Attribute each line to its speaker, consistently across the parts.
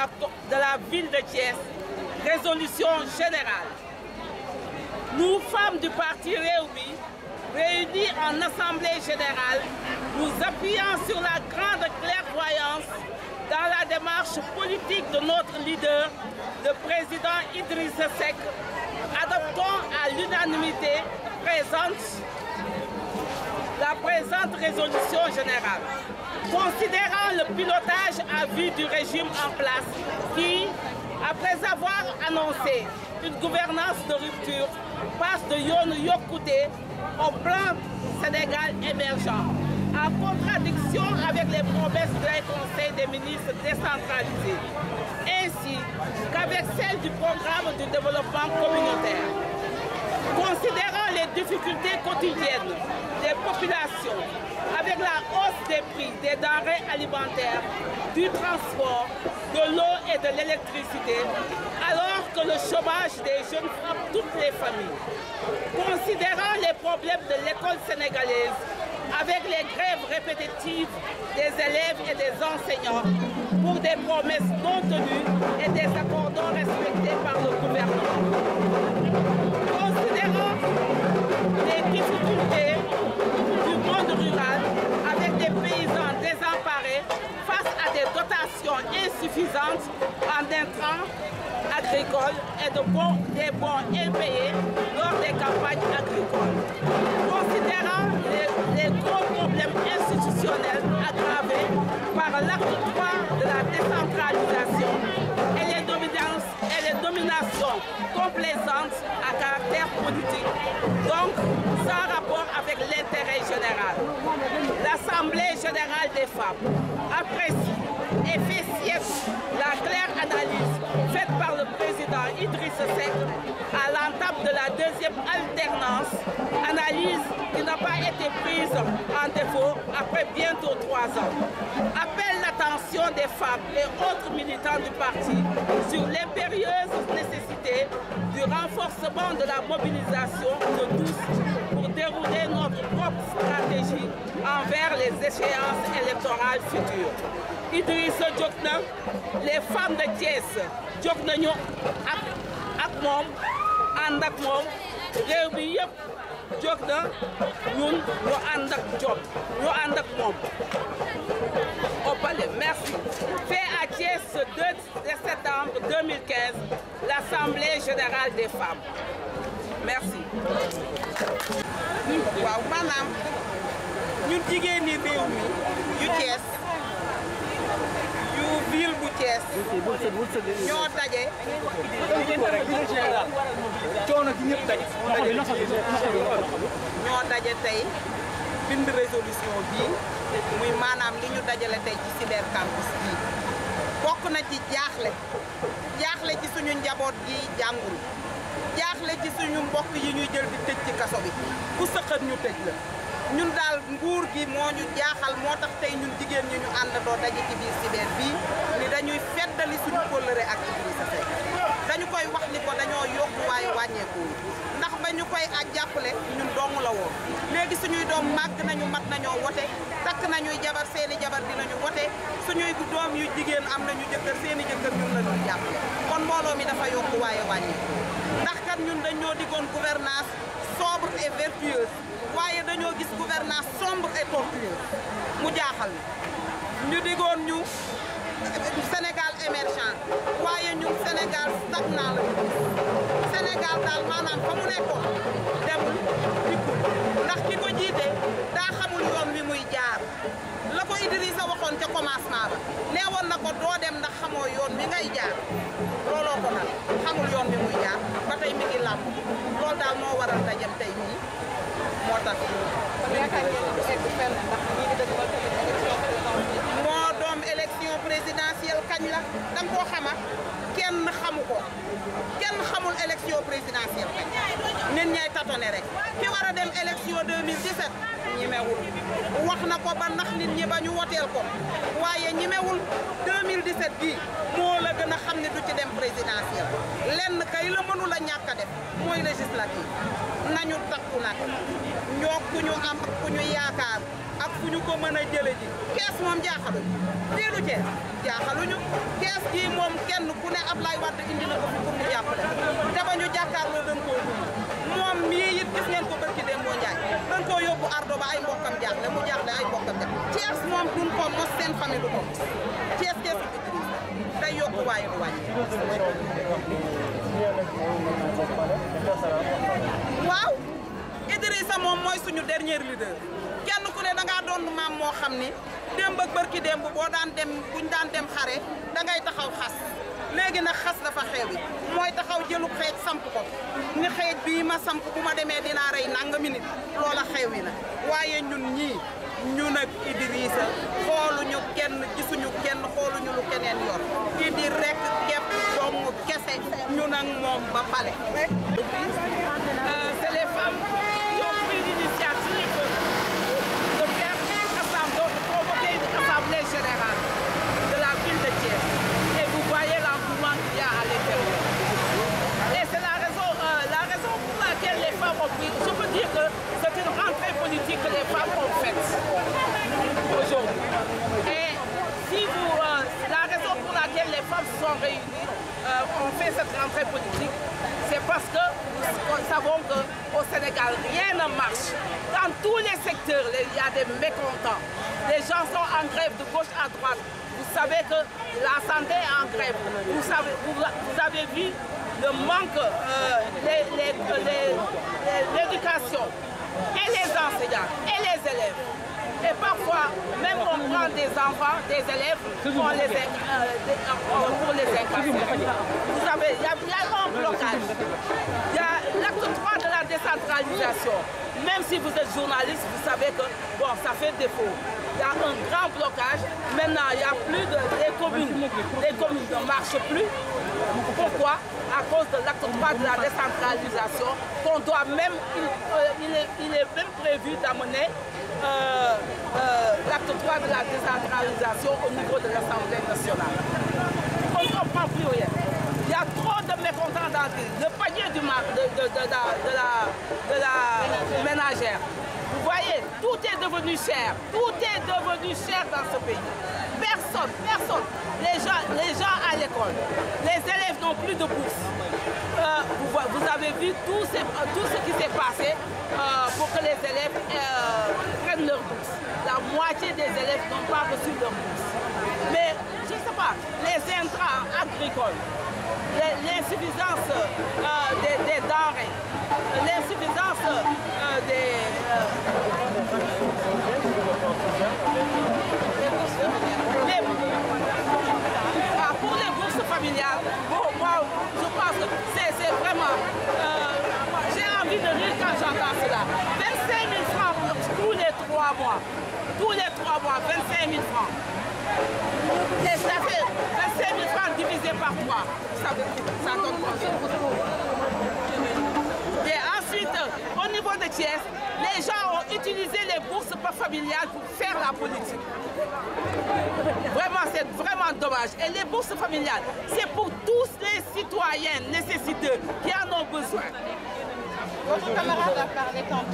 Speaker 1: la, de la ville de Thiès, résolution générale. Nous, femmes du parti Réumi, réunies en assemblée générale, nous appuyons sur la grande clairvoyance dans la démarche politique de notre leader, le président Idriss Seck, adoptons à l'unanimité présente résolution générale. Considérant le pilotage à vue du régime en place qui, après avoir annoncé une gouvernance de rupture, passe de Yoonu Yokkute au plan Sénégal émergent, en contradiction avec les promesses du Conseil des ministres décentralisé, ainsi qu'avec celle du programme de développement communautaire. les difficultés quotidiennes des populations avec la hausse des prix des denrées alimentaires, du transport, de l'eau et de l'électricité, alors que le chômage des jeunes frappe toutes les familles. Considérant les problèmes de l'école sénégalaise avec les grèves répétitives des élèves et des enseignants pour des promesses non et des accords respectés par le suffisante en intrants agricoles et de bons, des lors des campagnes agricoles. Considérant les, les problèmes institutionnels aggravés par l'acte de la décentralisation et les et les dominations complaisantes à caractère politique, donc sans rapport avec l'intérêt général. L'Assemblée générale des femmes et fait la claire analyse faite par le président Idriss Seck à l'entame de la deuxième alternance, analyse qui n'a pas été prise en défaut après bientôt trois ans. Appelle l'attention des femmes et autres militants du parti sur l'impérieuse nécessité du renforcement de la mobilisation de tous pour dérouler notre propre stratégie envers les échéances électorales futures. Idrissa jóg na les femmes de Thiès jóg nañu ak ak moom ànd moom réew bi yëpp jóg na ñun ñu ànd ak jom ñu moom au merci fait à Thiès septembre l'assemblée générale des femmes merci waaw maanaam ñun jigéen ñi réew yu Thiès ville bu Thiès ñoo daje coono gi ñëpp daje ñoo daje tey bind résolution bii muy maanaam li ñu dajale tey ci cyber campus bii bokk na ci jaaxle jaaxle ci suñu njaboot gi jàngul jaaxle ci suñu mbokk yi ñuy jël di tëj ci kaso bi ku sëqat ñu tëj la ñun daal nguur gi moo ñu jaaxal moo tax tey ñun jigéen ñi ñu àndandoo daje ci biir Sibeen bii ni dañuy feddali suñu kóllëre ak Idrissa Seck dañu koy wax ni ko dañoo yokku waaye wàññeeku ndax ba ñu koy a jàppale ñun dong la léegi suñuy doom màgg nañu mat nañoo wote takk nañuy jabar seeni jabar dinañu wote suñuy doom yu jigéen am nañu jëkkër seeni jëkkër mbooloo mi dafa yokku waaye wàññeeku ndax kat ñun dañoo diggoon gouvernance sobre et vertueuse waaye dañoo gis gouvernance sombre et mu jaaxal ñu digoon ñu Sénégal émergent waaye ñun Sénégal stagnant la Sénégal daal maanaam fa mu nekkoon demul ndax ki ko jiite daa xamul yoon wi muy jaar la ko Idrissa waxoon ca commencement ba nee woon na ko doo moo doom élection présidentielle kañ la da nga kenn xamu ko kenn xamul élection présidentielle kañ nit ñay tatone rek ki war a dem élection 2017 ñimewul wax na ko ba ndax nit ñi ba ñu woteel ko waaye ñimewul 2017 moo la gën a xam ne du ci dem présidentiel lenn kay la mënul a ñàkk a def mooy législative nañu takku nag ñoo ku ñu am ak ku ñu yaakaar ak ku ñu ko mën a jële ji kees moom jaaxaluñu fii lu Cees jaaxaluñu kees gii moom kenn ku ne Ablaye Wade indi na ko fi pour mu jàppale te ba ñu jàkkaarloo dañ koo dund moom mii it gis ngeen ko barki dem moo njaay dañ koo yóbbu ardo ba ay mbokkam jaaxle mu jaaxle ay mbokkam def Cees moom duñ ko mos seen famille du waayul wàññi. waaw Idrissa moom mooy suñu dernier leader kenn ku ne da ngaa doon maam moo xam ni démb ak bërki démb boo daan dem buñ daan dem xare dangay taxaw xas léegi nag xas dafa xewi mooy taxaw jëlu xeej samp ko ni xeej bii ma samp bu ma demee dinaa rey nangami nit loola xewi na waaye ñun ñii. ñu nag Idrissa ñu kenn gisuñu kenn xooluñu lu keneen yor Idi rek képp doomu kese ñu nag moom ba pale grands faits c'est parce que nous savons qu'au Sénégal, rien ne marche. Dans tous les secteurs, il y a des mécontents. Les gens sont en grève de gauche à droite. Vous savez que la santé en grève. Vous, avez vu le manque, euh, et les enseignants et les élèves. Et parfois, même on prend des enfants, des élèves, pour les, euh, euh, pour les incarcérer. Vous savez, y, y, a un blocage. décentralisation. Même si vous êtes journaliste, vous savez que, bon, ça fait défaut. y a un grand blocage. Maintenant, il n'y a plus de... Les communes, les communes ne marchent plus. Pourquoi À de l'acte 3 de la décentralisation, qu'on doit même... Il, euh, est, il est même prévu d'amener euh, euh, l'acte 3 de la décentralisation au de l'Assemblée nationale. Il y a trop de mécontents dans le panier du mar, de, la, ménagère. Vous voyez, tout est devenu cher. dans ce pays. Personne, personne. Les gens, à l'école, les élèves n'ont plus de bourse. Euh, vous, avez vu tout, ce, qui s'est passé euh, pour que les élèves euh, prennent leur bourse. La moitié des élèves n'ont pas reçu leur bourse. Mais, je ne sais pas, les intrants agricoles, l'insuffisance euh, des, des, denrées, l'insuffisance euh, des... Les euh, bourses, ah, pour les bourses familiales, bon, wow, je pense que c'est vraiment... J'ai envie de rire quand j'entends cela. 25 000 francs tous les trois mois. Tous les trois mois, 25 000 francs.
Speaker 2: Ça fait, ça fait une femme divisée
Speaker 1: par trois. Ça, ça donne Et ensuite, au niveau de les gens ont familiales pour faire la politique. Vraiment, c'est vraiment dommage. Et les bourses familiales, c'est pour tous les citoyens nécessiteux qui en ont Votre camarade a euh, partage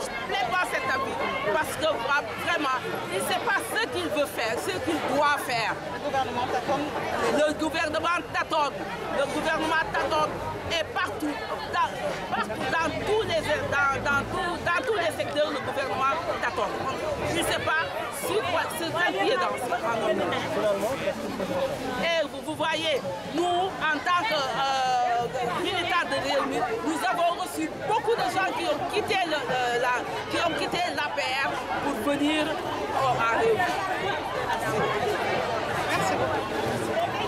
Speaker 1: de cet cet avis. Parce que vraiment, il ne pas ce qu'il veut faire, ce qu'il doit faire. Le gouvernement t'attend. Le gouvernement t'attend. et partout, dans, tous les dans, dans, tous les secteurs, le gouvernement t'attend. Je ne pas ce qui est dans ce Et eh, vous, vous, voyez, nous, en tant que euh, militants de Réunion, nous avons reçu beaucoup de gens qui ont quitté, la, qui ont quitté l'APR pour venir à euh, Réunion. Merci